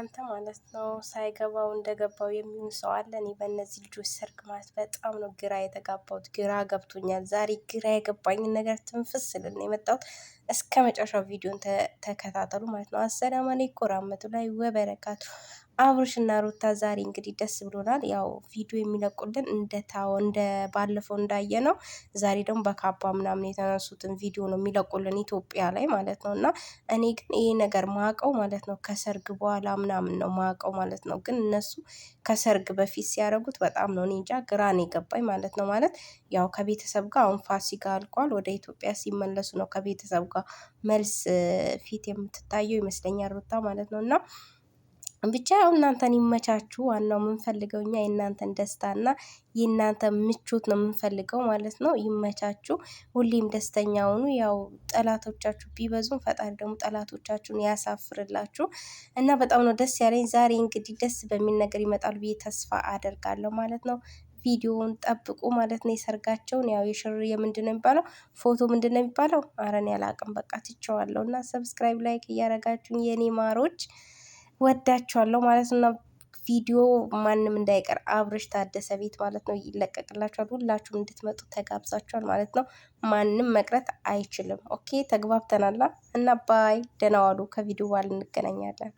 እናንተ ማለት ነው ሳይገባው እንደገባው የሚሆን ሰው አለ። እኔ በእነዚህ ልጆች ሰርግ ማለት በጣም ነው ግራ የተጋባሁት፣ ግራ ገብቶኛል። ዛሬ ግራ የገባኝ ነገር ትንፍስ ስልን የመጣሁት እስከ መጨረሻው ቪዲዮን ተከታተሉ ማለት ነው። አሰላም አለይኩም ወራህመቱላሂ ወበረካቱ አብርሽ እና ሩታ ዛሬ እንግዲህ ደስ ብሎናል። ያው ቪዲዮ የሚለቁልን እንደታው እንደ ባለፈው እንዳየ ነው። ዛሬ ደግሞ በካባ ምናምን የተነሱትን ቪዲዮ ነው የሚለቁልን ኢትዮጵያ ላይ ማለት ነው። እና እኔ ግን ይሄ ነገር ማቀው ማለት ነው ከሰርግ በኋላ ምናምን ነው ማቀው ማለት ነው። ግን እነሱ ከሰርግ በፊት ሲያደርጉት በጣም ነው እኔ እንጃ ግራን የገባኝ ማለት ነው። ማለት ያው ከቤተሰብ ጋር አሁን ፋሲካ አልቋል። ወደ ኢትዮጵያ ሲመለሱ ነው ከቤተሰብ ጋር መልስ ፊት የምትታየው ይመስለኛል ሩታ ማለት ነው እና ብቻ ያው እናንተን ይመቻችሁ። ዋናው የምንፈልገው እኛ የእናንተን ደስታና የእናንተ ምቾት ነው የምንፈልገው ማለት ነው። ይመቻችሁ፣ ሁሌም ደስተኛ ሆኑ ያው ጠላቶቻችሁ ቢበዙም ፈጣሪ ደግሞ ጠላቶቻችሁን ያሳፍርላችሁ እና በጣም ነው ደስ ያለኝ። ዛሬ እንግዲህ ደስ በሚል ነገር ይመጣሉ ብዬ ተስፋ አደርጋለሁ ማለት ነው። ቪዲዮውን ጠብቁ ማለት ነው። የሰርጋቸውን ያው የሽር የምንድን ነው የሚባለው ፎቶ ምንድን ነው የሚባለው? አረን ያላቅም በቃ ትቸዋለሁ። እና ሰብስክራይብ ላይክ እያደረጋችሁ የኔ ማሮች ወዳችኋለሁ ማለት ነው። ቪዲዮ ማንም እንዳይቀር አብርሽ ታደሰ ቤት ማለት ነው ይለቀቅላችኋል። ሁላችሁም እንድትመጡ ተጋብዛችኋል ማለት ነው። ማንም መቅረት አይችልም። ኦኬ ተግባብተናላ እና ባይ ደህና ዋሉ። ከቪዲዮ በኋላ እንገናኛለን።